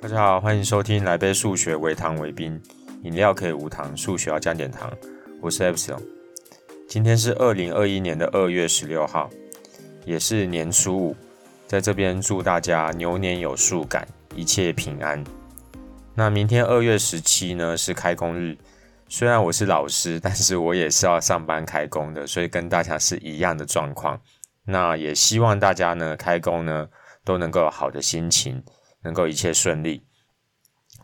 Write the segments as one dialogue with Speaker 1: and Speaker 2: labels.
Speaker 1: 大家好，歡迎收聽來杯數學微糖微冰，飲料可以無糖，數學要加點糖。我是 Epsilon。今天是二零二一年的二月十六號，也是年初五，在這邊祝大家牛年有數感，一切平安。那明天二月十七呢是開工日，雖然我是老師，但是我也是要上班開工的，所以跟大家是一樣的狀況。那也希望大家呢開工呢都能夠有好的心情。能夠一切順利。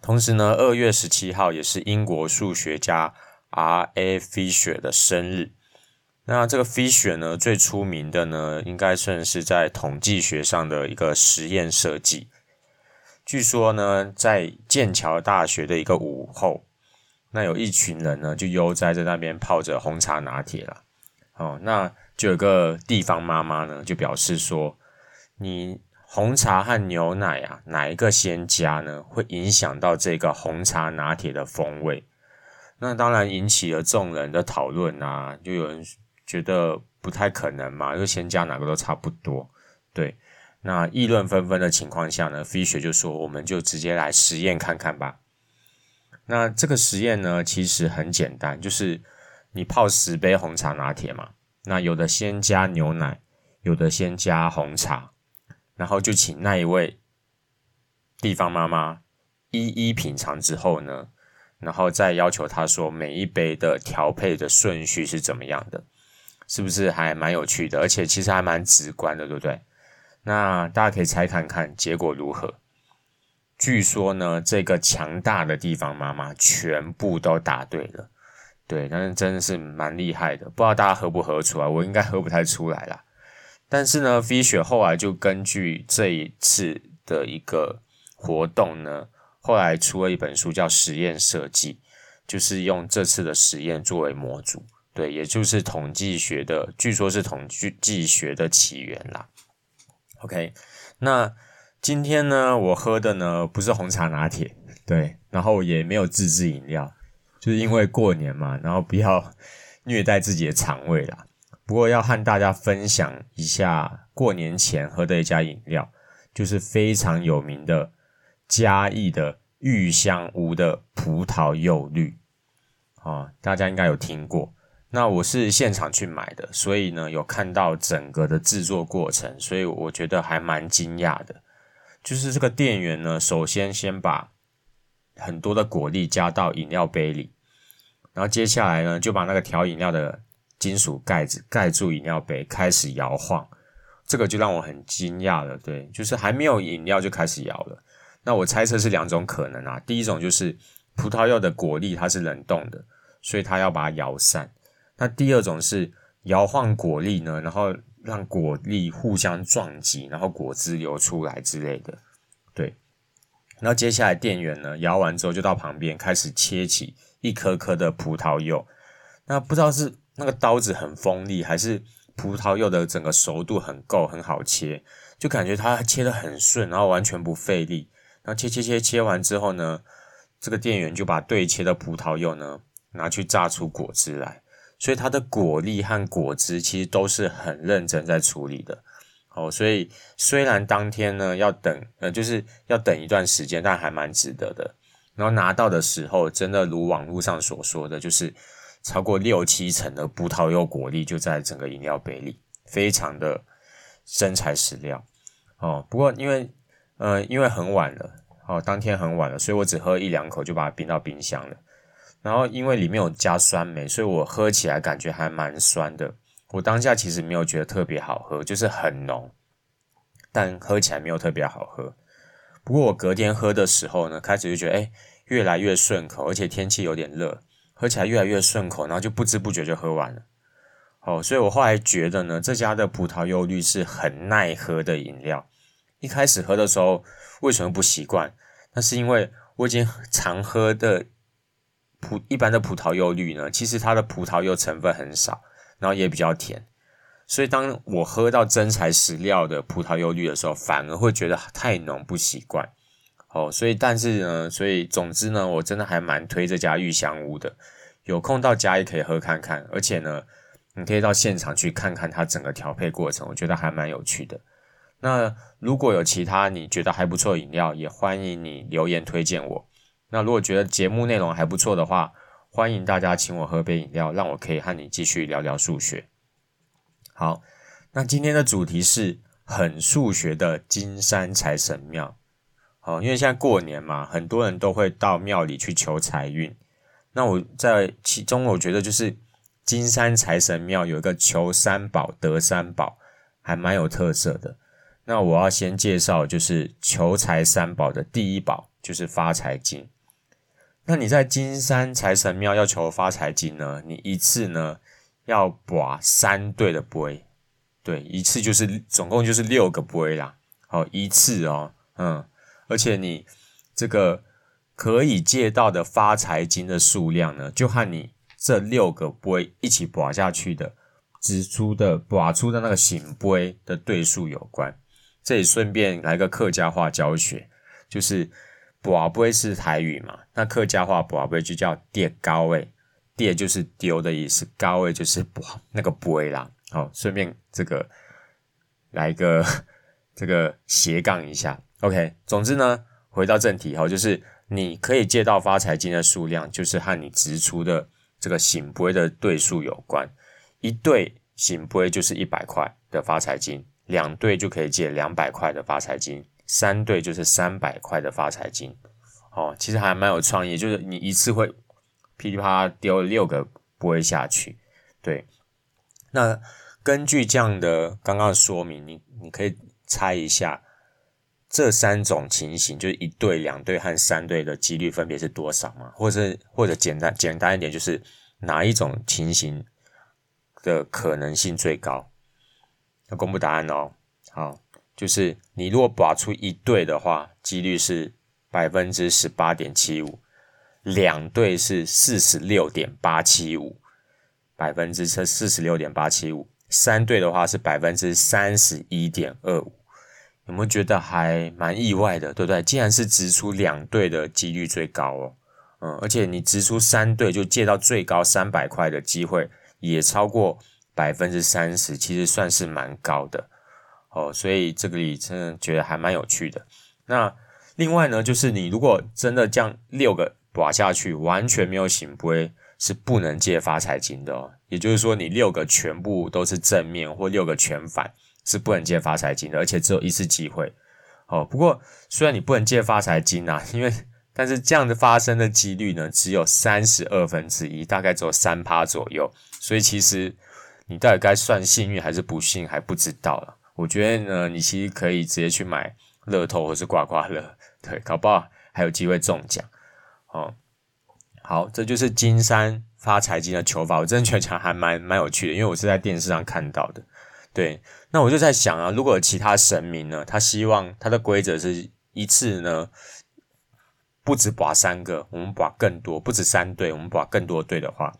Speaker 1: 同時呢，二月十七號也是英國數學家 R. A. Fisher 的生日。那這個 Fisher 呢，最出名的呢，應該算是在統計學上的一個實驗設計。據說呢，在劍橋大學的一個午後，那有一群人呢，就悠哉在那邊泡着紅茶拿鐵啦。哦，那就有個地方媽媽呢，就表示說：“你。”紅茶和牛奶啊，哪一個先加呢？會影響到這個紅茶拿鐵的風味。那當然引起了眾人的討論啊，就有人覺得不太可能嘛，就、這個、先加哪個都差不多。對，那議論紛紛的情況下呢，Fisher 就說：“我們就直接來實驗看看吧。”那這個實驗呢，其實很簡單，就是你泡十杯紅茶拿鐵嘛。那有的先加牛奶，有的先加紅茶。然後就請那一位地方媽媽一一品嘗之後呢，然後再要求她說每一杯的調配的順序是怎麼樣的，是不是還蠻有趣的，而且其實還蠻直觀的，對不對？那大家可以猜看看結果如何。據說呢，這個強大的地方媽媽全部都答對了，對，但是真的是蠻厲害的，不知道大家喝不喝出來，我應該喝不太出來啦。但是呢，Fisher 後來就根據這一次的一個活動呢，後來出了一本書叫《實驗設計》，就是用這次的實驗作為模組，對，也就是統計學的，據說是統計學的起源啦。OK，那今天呢，我喝的呢，不是紅茶拿鐵，對，然後也沒有自制飲料，就是因為過年嘛，然後不要虐待自己的腸胃啦。不過要和大家分享一下過年前喝的一家飲料，就是非常有名的嘉義的御香屋的葡萄柚綠，啊，大家應該有聽過。那我是現場去買的，所以呢有看到整個的制作過程，所以我覺得還蠻驚訝的。就是這個店員呢，首先先把很多的果粒加到飲料杯裡，然後接下來呢就把那個調飲料的。金屬蓋子蓋住飲料杯，開始搖晃，這個就讓我很驚訝了。對，就是還沒有飲料就開始搖了。那我猜測是兩種可能啊。第一種就是葡萄柚的果粒它是冷凍的，所以它要把它搖散。那第二種是搖晃果粒呢，然後讓果粒互相撞擊，然後果汁流出來之類的。對。那接下來店員呢，搖完之後就到旁邊開始切起一顆顆的葡萄柚。那不知道是。那個刀子很鋒利，還是葡萄柚的整個熟度很夠，很好切，就感覺它切得很順，然後完全不費力。然後切切切切完之後呢，這個店員就把對切的葡萄柚呢拿去榨出果汁來，所以它的果粒和果汁其實都是很認真在處理的。哦，所以雖然當天呢要等，呃，就是要等一段時間，但還蠻值得的。然後拿到的時候，真的如網路上所說的，就是。超過六七成的葡萄柚果粒就在整個飲料杯裡，非常的真材實料哦。不過因為嗯、呃，因為很晚了哦，當天很晚了，所以我只喝一兩口就把它冰到冰箱了。然後因為裡面有加酸梅，所以我喝起來感覺還蠻酸的。我當下其實沒有覺得特別好喝，就是很濃，但喝起來沒有特別好喝。不過我隔天喝的時候呢，開始就覺得哎，越來越順口，而且天氣有點熱，喝起來越來越順口，然後就不知不覺就喝完了。哦，所以我後來覺得呢，這家的葡萄柚綠是很耐喝的飲料。一開始喝的時候為什麼不習慣？那是因為我已經常喝的葡一般的葡萄柚綠呢，其實它的葡萄柚成分很少，然後也比較甜，所以當我喝到真材實料的葡萄柚綠的時候，反而會覺得太濃，不習慣。哦，所以但是呢，所以總之呢，我真的還蠻推這家御香屋的，有空到嘉義可以喝看看。而且呢，你可以到現場去看看它整個調配過程，我覺得還蠻有趣的。那如果有其他你覺得還不錯的飲料，也歡迎你留言推薦我。那如果覺得節目內容還不錯的話，歡迎大家請我喝杯飲料，讓我可以和你繼續聊聊數學。好，那今天的主題是很數學的金山財神廟。哦，因為現在過年嘛，很多人都會到廟裡去求財運。那我在其中，我覺得就是金山財神廟有一個求三寶得三寶，還蠻有特色的。那我要先介紹，就是求財三寶的第一寶就是發財金。那你在金山財神廟要求發財金呢？你一次呢要把三對的杯，對，一次就是總共就是六個杯啦。好，一次哦，嗯。而且你這個可以借到的發財金的數量呢，就和你這六個杯一起拔下去的擲出的拔出的那個聖杯的對數有關。這裡順便來個客家話教學，就是“拔杯”是台語嘛？那客家話“拔杯”就叫“跌高位”，“跌”就是丟的意思，“高位”就是拔那個杯啦。好，順便這個來一個這個斜槓一下。OK，總之呢，回到正題吼，就是你可以借到發財金的數量，就是和你擲出的這個聖杯的對數有關。一對聖杯就是一百塊的發財金，兩對就可以借兩百塊的發財金，三對就是三百塊的發財金。哦，其實還蠻有創意，就是你一次會噼里啪啦丟六個杯下去。對，那根據這樣的剛剛說明，你你可以猜一下。這三種情形就是一對兩對和三對的幾率分別是多少嗎？或者是或者簡單簡單一點，就是哪一種情形的可能性最高？那公布答案嘍、哦。好，就是你如果拔出一對的話，幾率是百分之十八點七五；兩對是四十六點八七五百分之這四十六點八七五；三對的話是百分之三十一點二五。有沒有覺得還蠻意外的，對不對？竟然是擲出兩對的幾率最高哦，嗯，而且你擲出三對就借到最高三百塊的機會，也超過百分之三十，其實算是蠻高的哦。所以這裡真的覺得還蠻有趣的。那另外呢，就是你如果真的這六個刮下去完全沒有聖杯，是不能借發財金的哦。也就是說，你六個全部都是正面或六個全反，是不能借發財金的，而且只有一次機會。哦，不過雖然你不能借發財金啊，因為但是這樣的發生的幾率呢，只有三十二分之一，大概只有三趴左右。所以其實你到底該算幸運還是不幸還不知道了。我覺得呢，你其實可以直接去買樂透或是刮刮樂，對，搞不好還有機會中獎。哦，好，這就是金山發財金的求法。我真的覺得還蠻蠻有趣的，因為我是在電視上看到的。對，那我就在想啊，如果有其他神明呢，他希望他的規則是一次呢，不止拔三個，我們拔更多，不止三對，我們拔更多對的話，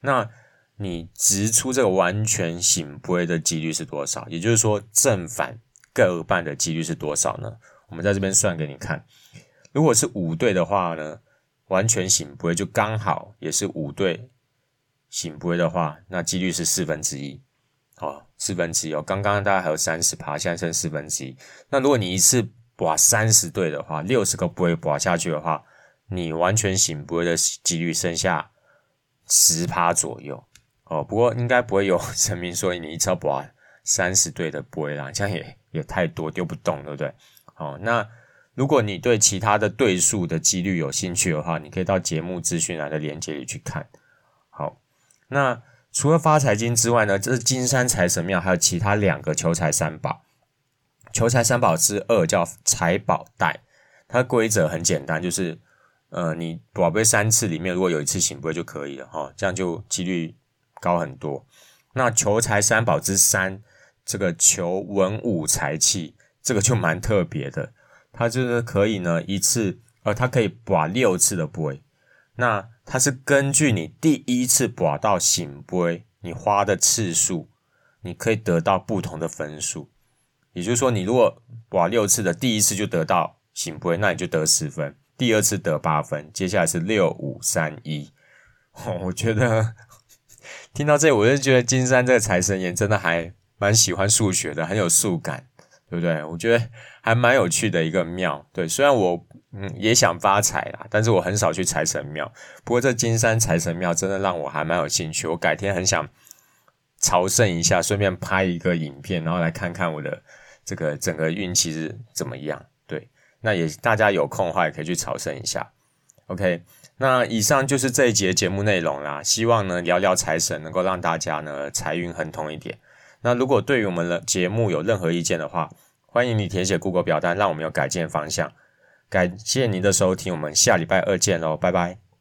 Speaker 1: 那你擲出這個完全聖杯的幾率是多少？也就是說正反各半的幾率是多少呢？我們在這邊算給你看，如果是五對的話呢，完全聖杯就剛好也是五對聖杯的話，那幾率是四分之一。哦，四分之一哦，剛剛大概還有三十趴，現在剩四分之一。那如果你一次把三十對的話，六十個杯颳下去的話，你完全聖杯的幾率剩下十趴左右哦。不過應該不會有神明，所以你一次颳三十對的杯啦，這樣也也太多丟不動，對不對？哦，那如果你對其他的對數的幾率有興趣的話，你可以到節目資訊欄的鏈接裡去看。好，那。除了發財金之外呢，這是金山財神廟，還有其他兩個求財三寶。求財三寶之二叫財寶袋，它規則很簡單，就是，呃，你卜杯三次裡面如果有一次聖杯就可以了哈、哦，這樣就幾率高很多。那求財三寶之三，這個求文武財氣，這個就蠻特別的，它就是可以呢一次，呃，它可以卜六次的杯。那它是根據你第一次博到聖筊，你花的次數，你可以得到不同的分數。也就是說，你如果博六次的，第一次就得到聖筊，那你就得十分；第二次得八分，接下來是六、五、三、一。哦，我覺得聽到這裡，我就覺得金山這個財神爺真的還蠻喜歡數學的，很有數感，對不對？我覺得還蠻有趣的一個廟。對，雖然我。嗯，也想發財啦，但是我很少去財神廟。不過這金山財神廟真的讓我還蠻有興趣，我改天很想朝聖一下，順便拍一個影片，然後來看看我的這個整個運氣是怎麼樣。對，那也大家有空的話也可以去朝聖一下。OK，那以上就是這一節節目內容啦，希望呢聊聊財神能夠讓大家呢財運亨通一點。那如果對於我們的節目有任何意見的話，歡迎你填寫 Google 表單，讓我們有改進方向。感謝您的收聽，我們下禮拜二見嘍，拜拜。